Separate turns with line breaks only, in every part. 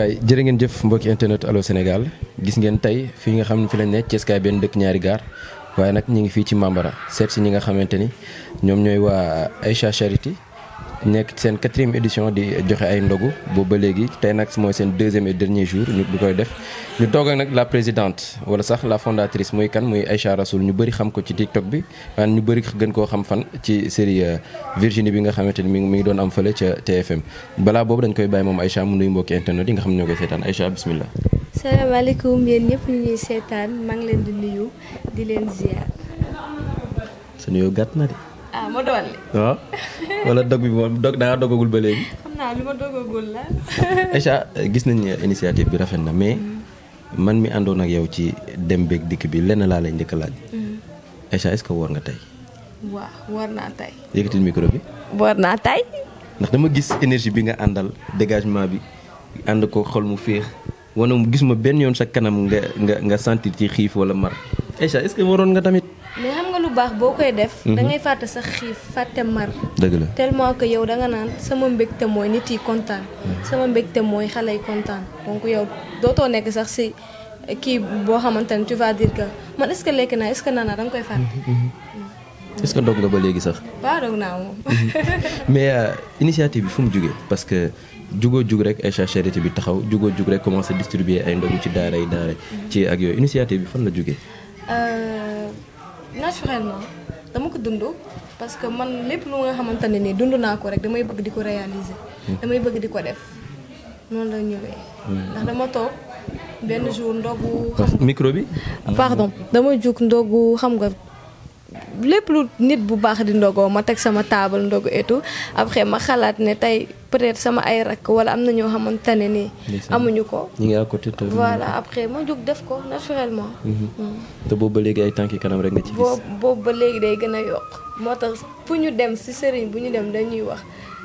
waay jërë ngeen jëf mbokki internet allo Sénégal gis ngeen tey fii nga xam ne fi lañ ne Thiès kaay benn dëkk ñaari gaar waaye nag ñu ngi fii ci Mambara seet si ñi nga xamante ni ñoom ñooy waa ay Charity nekk ci seen quatrième édition di joxe ay ndogu boobu ba léegi tey nag mooy seen deuxième et dernier jour ñu di koy def ñu toog ak nag la présidente wala sax la fondatrice muy kan muy Aïcha Rasoul ñu bëri xam ko ci TikTok bi maanaam ñu bëri gën koo xam fan ci série euh, Virginie bi nga xamante ni mi ngi doon am fële ca TFM balaa boobu dañ koy bàyyi moom Aïcha mu nuyu mbokki internet yi nga xam ne ñoo koy seetaan Aïcha bismillah.
salaamaaleykum yéen ñëpp ñu ñuy seetaan na ah ma dolli.
waaw ah, wala dog bi moom dog daa dogagul ba léegi.
xam naa li ma dogagul la. Aïcha
gis nañ ne initiative bi rafet na mais mm. man mi àndoon ak yow ci dem beeg dikk bi lenn laa lay njëkk laaj. Mm. Aïcha est-ce que woor nga tey.
waaw micro bi. woor ndax
dama gis énergie bi nga àndal dégagement bi ànd ko xol mu féex mu gis ma benn yoon sa kanam nga nga nga sentir ci xiif wala mar Aïcha est-ce nga tamit.
lu baax boo koy def. Mhm. da ngay fàtte sa xiif fàtte mar. dëgg la tellement que yow da nga naan sama mbégte mooy nit yi kontaan. Mhm. sama mbégte mooy xale yi kontaan yow dootoo nekk sax si kii boo xamante ne tu vas dire que man est-ce lekk naa est-ce que naan naa da nga koy fàtte.
Mhm, est-ce dog la ba léegi sax.
waaw dog naa moom.
mais euh, initiative bi fu mu jugee parce que jugoo jug rek Aïcha Charité bi taxaw jugoo jug rek commencé distribuer ay ndogu ci daara yi daara ci ak yooyu initiative bi la jugee.
Euh, naturellement dama ko dund parce que man lépp lu nga xamante ne nii dund naa ko rek damay bëgg di ko réaliser. Hmm. damay bëgg di ko def noonu la ñëwee. Hmm. ndax dama toog benn jour ndogu. xam nga micro bi. pardon dama jug ndogu xam nga. lépp lu nit bu baax di ndogoo ma teg sama taabal ndogu et tout après ma xalaat ne tey peut-être sama ay rakk wala am na ñoo xamante ne nii. amuñu ko.
ñu ngi à côté te voilà
après ma jóg def ko naturellement. Mhm. Mm.
te boobu ba léegi ay tànki kanam rek nga ci gis.
boobu ba léegi day gën a yokk moo tax fu ñu dem si sëriñ bu ñu dem dañuy wax.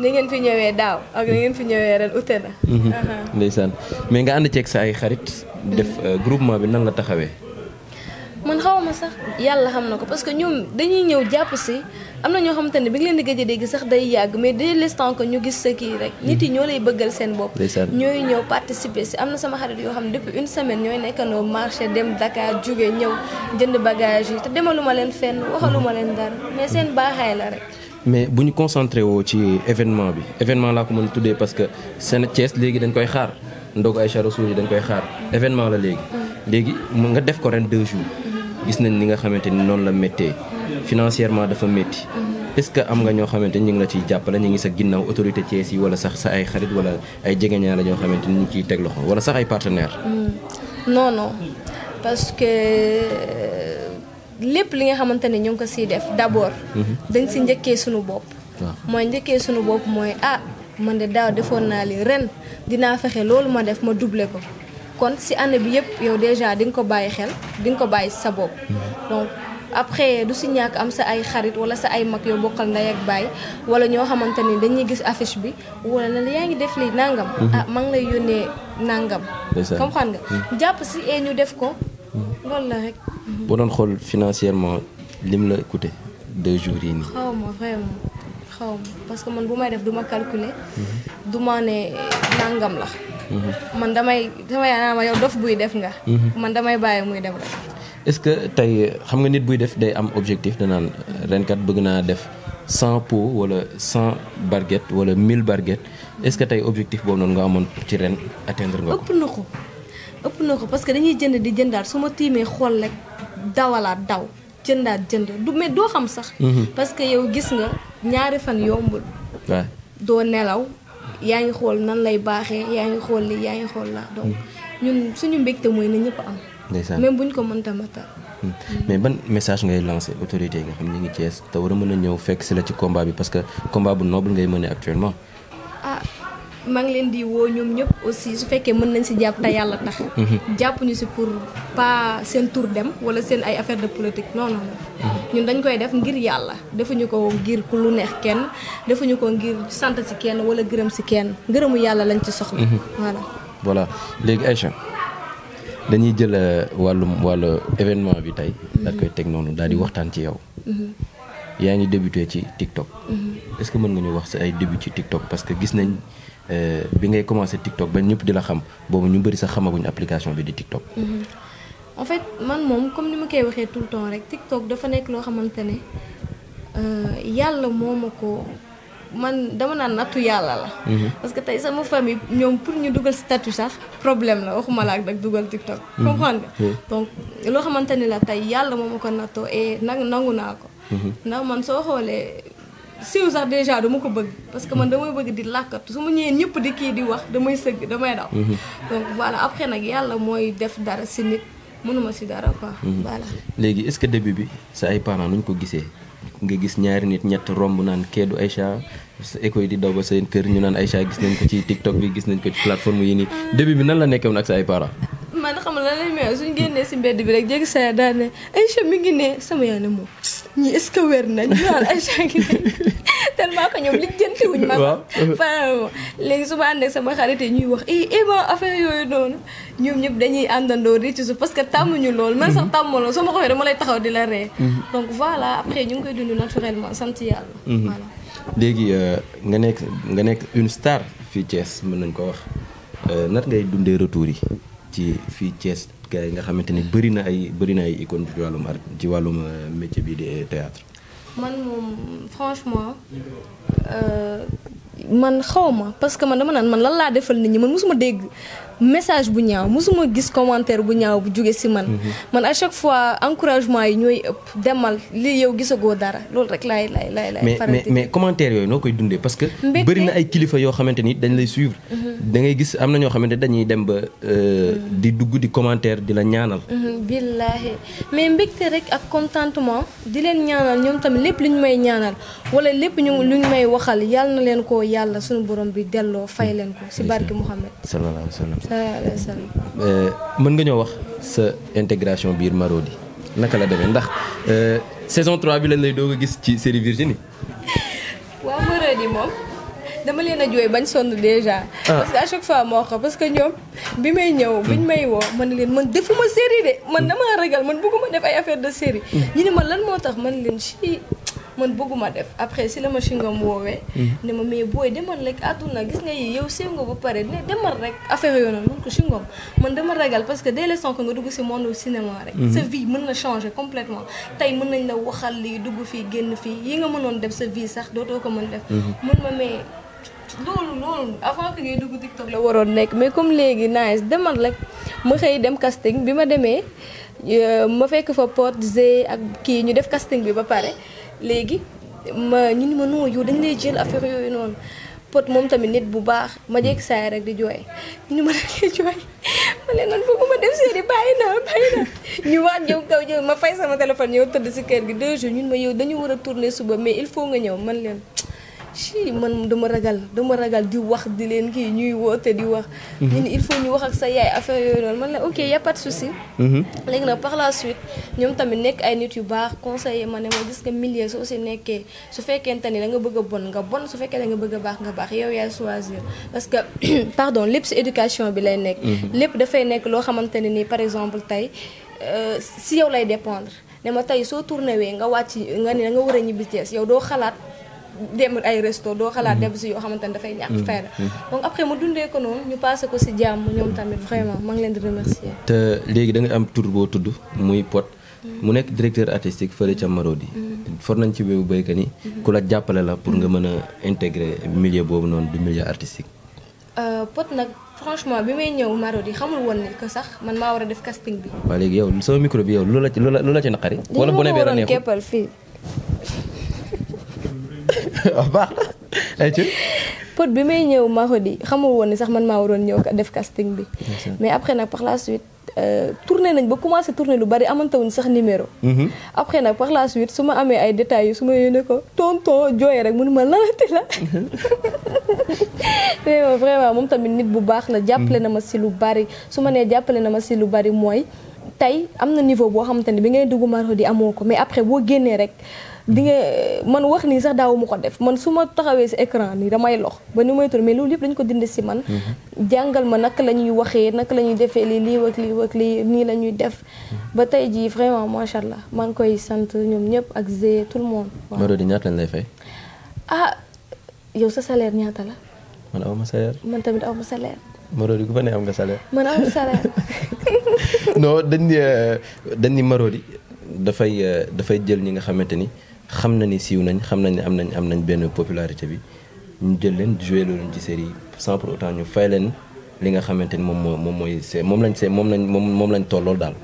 ni ngeen fi ñëwee daaw ak ni ngeen fi ñëwee ren ute na. Mhm.
ndeysaan mais nga ànd ceeg sa ay xarit. def mm. euh, groupement bi nan la taxawee.
man xawma sax yàlla xam na ko parce ñoom dañuy ñëw jàpp si am na ñoo xamante ne bi nga leen di gëj a dégg sax day yàgg mais dès l'instant que ñu gis sa kii rek nit yi ñoo lay bëggal seen bopp ñooy ñëw participer si am na sama xarit yoo xam ne depuis une semaine ñooy nekkandoo marché dem dakaar jóge ñëw jënd bagage yi te demaluma leen fenn waxaluma leen dara mais seen baaxaay la rek
mais bu ñu concentré woo ci événement bi événement laa ko mën tuddee parce que seen Thiès léegi dañ koy xaar ndogu Aïcha Rassoul yi dañ koy xaar événement la léegi mm. léegi mu nga def ko ren deux jours mm-hmm. gis nañ ni nga xamante ni noonu la méttee financièrement dafa métti mm-hmm. est-ce que am nga ñoo xamante ni ñu ngi la ciy jàppale ñu ngi sa ginnaaw autorité Thiès yi wala sax sa ay xarit wala ay jegeñaale ñoo xamante ni ñu ngi ciy teg loxo wala sax
mm-hmm. parce que euh, lépp li nga xamante ne ñu ngi ko siy def d'abord. Mm-hmm. dañ si njëkkee suñu bopp. mooy njëkkee suñu bopp mooy ah mën de daaw defoon naa li ren dinaa fexe loolu ma def ma doublé ko kon si année bi yëpp yow déjà di nga ko bàyyi xel di nga ko bàyyi sa bopp après du si ñàkk am sa ay xarit wala sa ay mag yoo bokkal ndey ak baay wala ñoo xamante ni dañuy gis affiche bi wala na li yaa ngi def lii nangam. Mhm. ah maa lay yónnee nangam. comme xam nga mhm. jàpp si ee ñu def ko. Mhm. loolu la rek. boo
doon xool financièrement lim la coûté deux jours yi nii.
xaw ma vraiment xaw ma parce que man bu may def du ma calculer. du ma ne nangam la. man damay damay naa ma yow dof buy def nga. man damay bàyyi muy dem rek.
est-ce que tey xam nga nit buy def day am objectif danaan renkat bëgg naa def cent pots wala cent barquettes wala mille barquettes est-ce que tey objectif boobu noonu nga amoon ci ren atteindre nga ko.
ëpp na ko ëpp na ko parce que dañuy jënd di jëndaat su ma tiimee xool rek dawalaat daw jëndaat jënd du mais doo xam sax. Mhm. parce que yow gis nga ñaari fan yombul. waaw doo nelaw. yaa ngi xool nan lay baaxee yaa ngi xool li yaa ngi xool la donc mhm. ñun suñu mbégte mooy na ñëpp am. bu ñu ko mënta matal.
Hmm. mais ban message ngay lancé autorité yi nga xam ne ñu ngi Thiès te war a mën a ñëw fekk si la ci combat bi parce que combat bu noble ngay mëne actuellement.
ah maa ngi leen di woo ñoom ñëpp aussi su fekkee mën nañ si jàpp te yàlla tax. Hmm. jàpp ñu si pour pas seen tour dem wala seen ay affaire de politique non non hmm. ñun dañ koy def ngir yàlla defuñu ko ngir ku lu neex kenn defuñu ko ngir sant si kenn wala gërëm si kenn gërëmu yàlla lañ ci soxla.
voilà léegi Aïcha dañuy jël euh, wàllu wàllu événement bi tey. Mhm. daal koy teg noonu daal di waxtaan ci yow. Mhm. yaa ngi débuté ci TikTok. Mhm. est-ce que mën nga ñu wax sa ay début ci TikTok parce que gis nañ euh, bi ngay commencé TikTok ba ñëpp di la xam boobu ñu bëri sax xamaguñ application bi di TikTok.
en fait man moom comme ni ma koy waxee tout le temps rek TikTok dafa nekk loo xamante ne euh, yàlla moo ma ko man dama naan nattu yàlla la. Mhm. parce que tey sama famille ñoom pour ñu dugal statut sax problème la waxuma la ak nag dugal TikTok. Mhm. comprendre nga mhm. donc loo xamante ni la tey yàlla moo ma ko nattoo et nag nangu naa ko. ndax man soo xoolee siiw sax déjà dama ko bëgg. parce que man damay bëgg di làkkatu su ma ñëwee ñëpp di kii di wax damay sëgg damay daw. donc voilà après nag yàlla mooy def dara si nit mënuma si dara quoi. voilà
léegi est-ce que début bi sa ay parents nuñ ko gisee. nga gis ñaari nit ñett romb naan kee du Aïcha sa écho yi di daw seen kër ñu naan Aïcha gis nañ ko ci TikTok bi gis nañ ko ci plateforme yi nii début bi nan la nekkee woon ak sa ay parents.
man xam la lay may suñ génnee si mbedd bi rek jékki saa daan ne Aïcha mi ngi ne sama yaay ne moom ñi est ce que wér nañ ñu naan Aïcha ngi ne. tellement que ñoom lijjanti léegi su ma ànd ak sama ñuy wax eh, eh, affaire yooyu noonu ñoom ñëpp dañuy àndandoo rek ci suuf parce que tàmmuñu lool man sax mhm. tàmmuloo soo ma ko waxee lay taxaw di la ree mhm. donc ñu ngi koy dund naturellement sant yàlla mhm. voilà
léegi euh, nga nekk nga nekk une star fii Thiès mën nañ ko wax euh, nat ngay dundee retour yi ci fii Thiès gars yi nga xamante ni bëri na ay bëri na ay icône ci wàllum art ci wàllum euh, métier bi di théâtre
man moom franchement euh, man xaw ma parce que man dama naan man lan laa defal nit ñi man mosuma dégg message bu ñaaw mosuma gis commentaire bu ñaaw bu jógee si man. Mhm. man a chaque fois encouragement yi ñooy ëpp demal li yow gisagoo dara loolu rek laay laay laay laay. mais mais
commentaire yooyu noo koy dundee parce que. bëri na ay kilifa yoo xamante ni dañ lay suivre. Mhm. da ngay gis am na ñoo xamante dañuy dem ba. Euh, mhm. di dugg di commentaire di la ñaanal.
billaahi mais mbégte rek ak contentement di leen ñaanal ñoom tamit lépp lu ñu may ñaanal wala lépp ñu lu ñu may waxal yàlla na leen ko yàlla suñu borom bi delloo fay leen ko si barke Mouhamed.
sallallahu alayhi wa sallam. Euh, mën nga ñoo wax sa integration biir Marodi naka la demee ndax euh, saison 3 bi lañ lay doog a gis ci série Virginie.
waaw Marodi moom. dama leen a jooy bañ sonn déjà. Ah. parce que à chaque fois moo xam parce que ñoom bi may ñëw biñ may woo man leen man defuma série de man hmm. damaa ragal man bëgguma def ay affaire de série hmm. ñu ne ma lan moo tax man leen ci man bëgguma def après si la ma chingom woowee hmm. ne ma mais booy demal rek àdduna gis nga yi yow séw nga ba pare ne demal rek affaire yooyu noonu man man dama ragal parce que dès l'instant nga dugg si monde cinéma rek sa vie mën na changer complètement tey mën nañ la waxal lii dugg fii génn fii yi nga mënoon def sa vie sax dootoo ko mën def mën ma mais loolu loolu avant que ngay dugg TikTok la waroon nekk mais comme léegi nice demal rek ma xëy dem casting bi ma demee euh, ma fekk fa Pod Zé ak kii ñu def casting bi ba pare léegi ma ñu ni ma noo yow dañu lay jël affaire yooyu noonu Pod moom tamit nit bu baax ma jekk saay rek di jooy ñu ni ma da ngay jooy ma leen noonu foog ma dem séeri bàyyi naa bàyyi naa ñu waat ñëw kaw ma fay sama téléphone ñëw tëdd si kër gi deux jours ñun ma yow dañu war a tourner suba mais il faut nga ñëw man leen si man dama ragal dama ragal di wax di leen kii ñuy woo te di wax. Mhm. il faut ñu wax ak sa yaay affaire yooyu noonu man la ok y' a pas de souci. Mhm. léegi nag par la suite ñoom tamit nekk ay nit yu baax conseiller ma ne ma gis nga milieu soo si nekkee su fekkente ni da bëgg a nga bon su fekkee da nga bëgg a baax nga baax yow yaay choisir parce que pardon lépp si éducation bi lay nekk. Mhm. lépp dafay nekk loo xamante ne nii par exemple tey euh, si yow lay dépendre ne ma tey soo tournewee wee nga wàcc nga ne da war a ñibbi Thiès yow doo xalaat. dem ay resto doo xalaat mm-hmm. dem si yoo xamante ne dafay ñàkk mm-hmm. fayda mm-hmm. donc après mu dundee ko noonu ñu passé ko si jàmm ñoom tamit vraiment maa leen di remercier
te léegi da am tur boo tudd muy pot mu nekk directeur artistique fële ca Marodi for nañ ci bébu béykat yi ku la jàppale la pour nga mën a intégrer milieu boobu noonu du milieu artistique
euh, Pod nag franchement bi may ñëw Marodi xamul woon ne sax man maa war a def casting bi
waaw léegi yow sama micro bi yow loola ci loola ci naqari wala bu ne bee la
neexul waaw na bi may ñëw di xamul woon ni sax man maa waroon ñëw def casting bi. mais après nag par la suite euh, tourné nañ ba commencé tourné lu bari amantawuñ sax numéro. Mhm. après nag par la suite su ma amee ay détails su ma yónnee ko tonton jooyee rek mënu ma lanati la. Mhm. mais moom tamit nit bu baax la. jàppale mhm. na ma si lu bari su ma nee jàppale na ma si lu bari mooy. tey am na niveau boo xamante ne bi ngay dugg Marodi amoo ko mais après boo génnee rek. di nga man wax nii sax daawu mu ko def man su ma taxawee si écran nii damay lox ba ni may tur mais loolu yëpp dañu ko dindi si man mhm. jàngal ma naka la ñuy waxee naka la ñuy defee lii lii ak lii ak lii nii la ñuy def ba tey jii vraiment macha allah maa ngi koy sant ñoom ñëpp ak Zé tout le monde Marodi
ñaata lañ lay fay
ah yow sa salaire ñaata la man aw ma man tamit aw ma salaire
Marodi ku fa ne am nga salaire
man aw ma salaire
dañ dañ ni dafay dafay jël ñi nga xamante ni xam na ni siiw nañ xam nañ ne am nañ am nañ benn popularité bi ñu jël leen joué leen ci série sans pour autant ñu fay leen li nga xamante ni moom moom mooy see moom lañ see moom lañ moom moom lañ tollool daal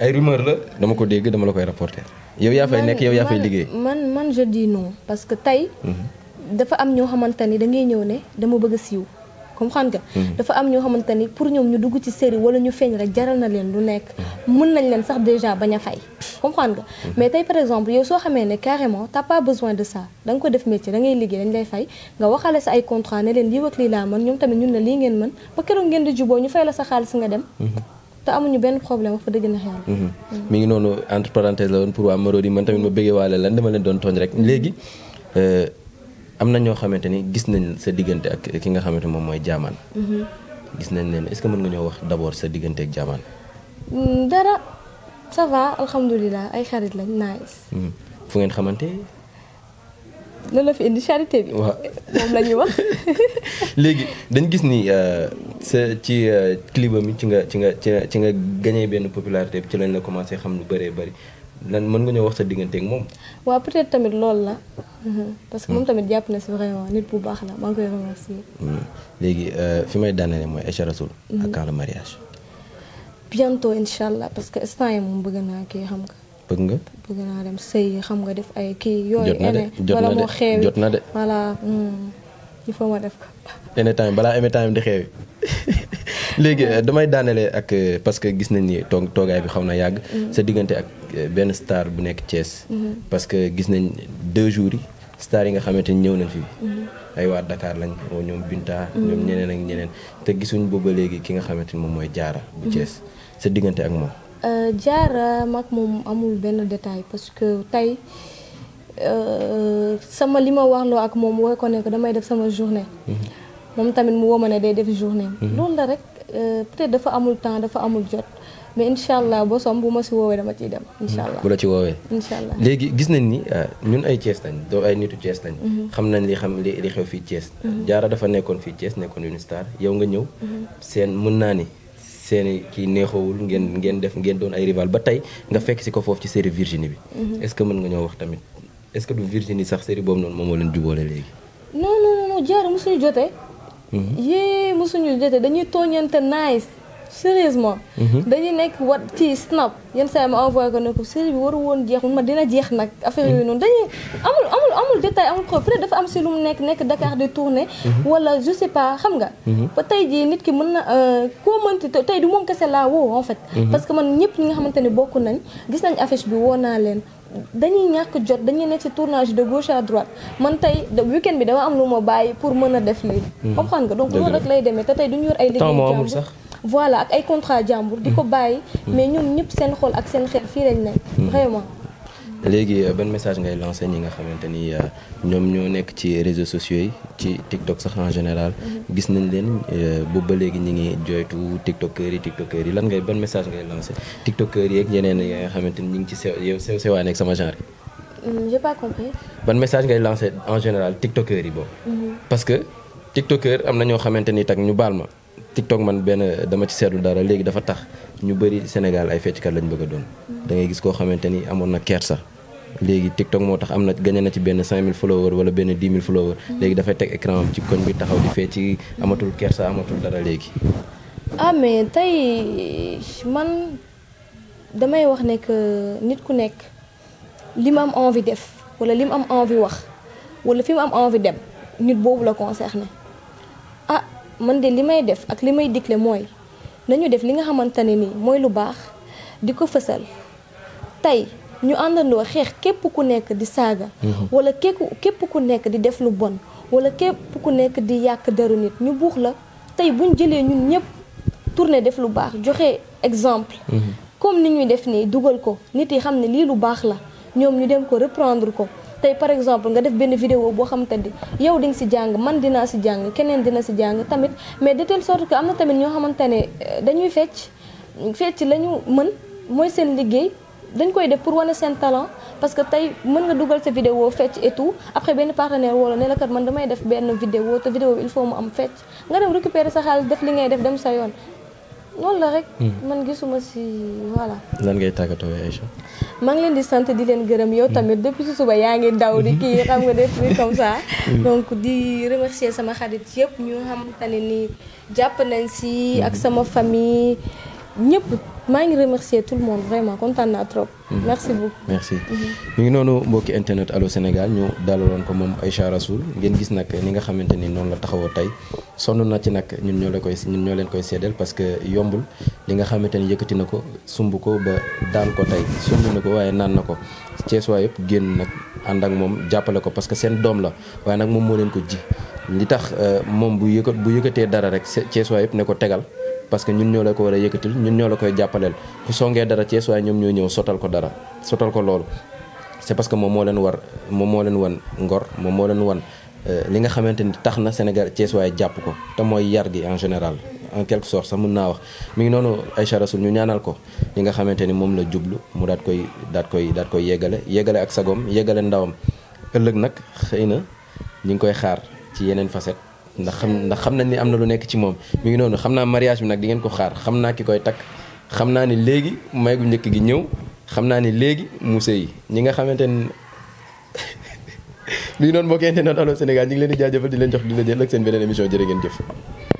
ay rumeur la dama ko dégg dama la koy rapporter yow yaa fay nekk yow yaa fay liggéey
man man je dis non parce que tey mhm. dafa am ñoo xamante ni da ñëw ne dama bëgg a siiw comprendre nga. Mm-hmm. dafa am ñoo xamante ni pour ñoom ñu dugg ci série wala ñu feeñ rek jaral na leen lu nekk. Mm-hmm. mën nañ leen sax déjà bañ a fay. comprendre nga mm-hmm. mais tey par exemple yow soo xamee ne carrément t'as pas besoin de ça da nga ko def métier da ngay liggéey dañ lay fay nga waxale sa ay contrat ne leen lii ak lii laa mën ñoom tamit ñun ne lii ngeen mën ba keroog ngeen di juboo ñu fay la sa xaalis nga dem. te amuñu benn problème wax fa dëgg na xel.
mi ngi noonu entre parenthèse la woon pour waa Marodi man tamit ma bëggee lan dama leen doon tooñ rek léegi. Euh, am na ñoo xamante ni gis nañ sa diggante ak ki nga xamante moom mooy jaamaan. Mhm. gis nañ leen est-ce que mën nga ñoo wax d'abord sa diggante ak jaamaan.
Mm, dara ça va ay xarit lañ nice.
Mhm. fu ngeen xamante.
loolu la fi indi charité bi. waaw moom la wax.
léegi dañ gis ni euh, sa ci euh, clip bi ci nga ci nga ci nga gagné benn popularité bi ci lañ la commencé xam lu bëree bëri lan mën nga ñëw wax sa digganteek moom.
waaw peut-être tamit lool la. Hmm. parce que moom hmm. tamit jàpp na si vraiment nit bu baax la maa ngi koy remercier.
Hmm. léegi euh, fi may daanale mooy Aïcha Rassoul. ak quand le mariage.
bientôt parce que instant yi moom bëgg naa kii xam nga. bëgg nga bëgg naa dem sëy xam nga def ay kii. yooyu ene wala moo jot na de jot na de. voilà il faut def
ko. balaa ene di xeewi. léegi euh, damay daanale ak euh, parce que gis nañ ni toog toogaay bi xaw na yàgg. Mm-hmm. sa diggante ak euh, benn star bu nekk Thiès. Mm-hmm. parce que gis nañ deux jour yi star yi nga xamante ni ñëw nañ fii mm-hmm. ay waa dakaar lañ oo ñoom Binta. ñoom ñeneen ak ñeneen te gisuñ booba léegi ki nga xamante ni moom mooy Diarra bu Thiès sa diggante ak moom.
jaara mag moom amul benn détail parce que tey. sama li ma waxloo ak moom woo ko nekk damay def sama journée. moom tamit mu woo ma ne day def journée. loolu la rek. Euh, peut-être dafa amul temps dafa amul jot mais incha allah bosom bu ma si woowee dama ciy dem. Hmm. incha allah bu la ci woowee. incha allah
léegi gis nañ ni euh, ñun ay Thiès lañ doo ay nitu Thiès lañ. Hmm. xam na li xam li li xew fii Thiès. Hmm. jaara dafa nekkoon fii Thiès nekkoon une star yow nga ñëw. seen mën naa ni seen kii neexoowul ngeen ngeen def ngeen doon ay rival ba tey nga fekk si ko foofu ci série Virginie bi. est mën nga ñoo wax tamit est-ce que du Virginie sax série boobu noonu moom
moo Mm-hmm. yée suñu jotee dañuy tooñante nice sérieusement mm-hmm. dañuy nekk wat ci snap yenn saa yi ma envoyé ko ne ko bi waru woon jeex mun ma dina jeex nag affaire yooyu mm-hmm. noonu dañuy amul amul amul détail amul preuve peut dafa am si lu mu nekk nekk Dakar di tourner wala je sais xam nga ba tey jii nit ki mën na euh, koo mënti tey du moom kese laa woo en fait parce que man ñëpp ñi nga xamante ne bokk nañ gis nañ affiche bi woo naa leen dañuy ñàkk jot dañuy ne ci tournage de gauche à droite man tey weekend bi dama am lu ma bàyyi pour mën a def nii lii. Hmm. comprendre nga donc loolu rek lay demee te tey du ñu yor ay. liggéey jàmbur sax. voilà ak ay contrat jàmbur. di ko hmm. bàyyi hmm. mais ñoom ñëpp seen xol ak seen xel fii lañ nekk. vraiment.
léegi euh, ban message ngay lancé ñi nga xamante ni euh, ñoom ñoo nekk ci réseaux sociaux yi ci TikTok sax en général. Mm-hmm. gis nañ leen euh, boobu ba léegi ñi ngi jooytu tiktokeur yi tiktokeur yi lan ngay ban message ngay lancé tiktokeur yi yeneen nga xamante ni ñu ngi ci sew yow sew sewaa sama genre. Mm, ban message ngay lancé en général tiktokeur yi boobu. Mm-hmm. parce que tiktokeur am na ñoo xamante ni tak ñu baal ma. TikTok man benn dama ci seetlu dara léegi dafa tax ñu bëri Sénégal ay fecckat lañ bëgg a doon. Mm-hmm. dangay gis koo xamante ni amoon na sax léegi teg TikTok moo tax am na gagné na ci benn 5000 followers wala benn 10 000 followers mm. léegi dafay teg écran am ci koñ bi taxaw di fee ci amatul kersa amatul dara léegi.
ah tey man damay wax ne nit ku nekk li mu am envie def wala li mu am envie wax wala fi mu am envie dem nit boobu la concerné a ah, man de li may def ak li may digle mooy nañu def li nga xamante ne nii mooy lu baax di ko fësal tey. ñu àndandoo xeex képp ku nekk di saaga mhm. wala képp képp ku nekk di def lu bon wala képp ku nekk di yàq daru nit ñu buux la tey buñ jëlee ñun ñëpp tourné def lu baax joxe exemple mhm. comme ni ñuy def nii dugal ko nit yi xam ne lii lu baax la ñoom ñu dem ko reprendre ko tey par exemple nga def benn vidéo boo xamante ni yow di nga si jàng man dinaa si jàng keneen dina si jàng tamit mais de telle sorte que am na tamit ñoo xamante ne euh, dañuy fecc fecc la ñu mën mooy seen liggéey dañ koy def pour wane seen talent parce que tey mën nga dugal sa vidéo fecc et tout après benn partenaire wala ne la kat man damay def benn vidéo te vidéo bi il faut mu am fecc nga dem récupérer sa xaalis def li ngay def dem sa yoon noonu la rek. Hmm. man gisuma si voilà.
lan ngay tàggatoo Aïcha.
maa ngi leen di sant di leen gërëm yow tamit depuis si suba yaa ngi daw di kii xam nga def ni comme ça. Hmm. donc di remercier sama xarit yëpp ñu xam te ne nii jàpp nañ si ak sama famille ñëpp. maa ngi remercier tout le monde vraiment kontaan naa trop. Mhm. merci beaucoup mu mhm.
ngi noonu mbokki internet Allô Sénégal ñu dalaloon ko moom Aïcha Rassoul ngeen gis nag ni nga xamante ni noonu la taxawoo tey sonn na ci nag ñun ñoo la koy ñun ñoo leen koy seedeel parce que yombul li nga xamante ni yëkkati na ko sumb ko ba daal ko tey sumb na ko waaye naan na ko Cees waa yëpp génn nag ànd ak moom jàppale ko parce que seen doom la waaye nag moom moo leen ko ji li tax euh, moom bu yëkkat bu yëkkatee dara rek Cees yëpp ne ko tegal. parce que ñun ñoo la ko war a yëkkatil ñun ñoo la koy jàppaleel ku songee dara Cees waaye ñoom ñoo ñëw sotal ko dara sotal ko loolu c'est parce que moom moo leen war moom moo leen wan ngor moom moo leen wan euh, li nga xamante ni tax na Sénégal Cees waaye jàpp ko te mooy yar gi en général en quelque sorte sax mun naa wax mi ngi noonu Aïcha Rassoul ñu ñaanal ko li nga xamante ni moom la jublu mu daat koy daat koy daat koy yeggale yeggale ak sagoom yeggale ndawam ëllëg nag xëy na ñu ngi koy xaar ci yeneen facette ndax xam ndax xam nañ ni am na lu nekk ci moom mu ngi noonu xam naa mariage bi nag di ngeen ko xaar xam naa ki koy takk xam naa ni léegi may gu njëkk gi ñëw xam naa ni léegi musée yi ñi nga xamante ni mi ngi noonu mbokk internet Allô Sénégal ñu ngi leen di jaajëfal di leen jox di la jël ak seen beneen émission jërë ngeen jëf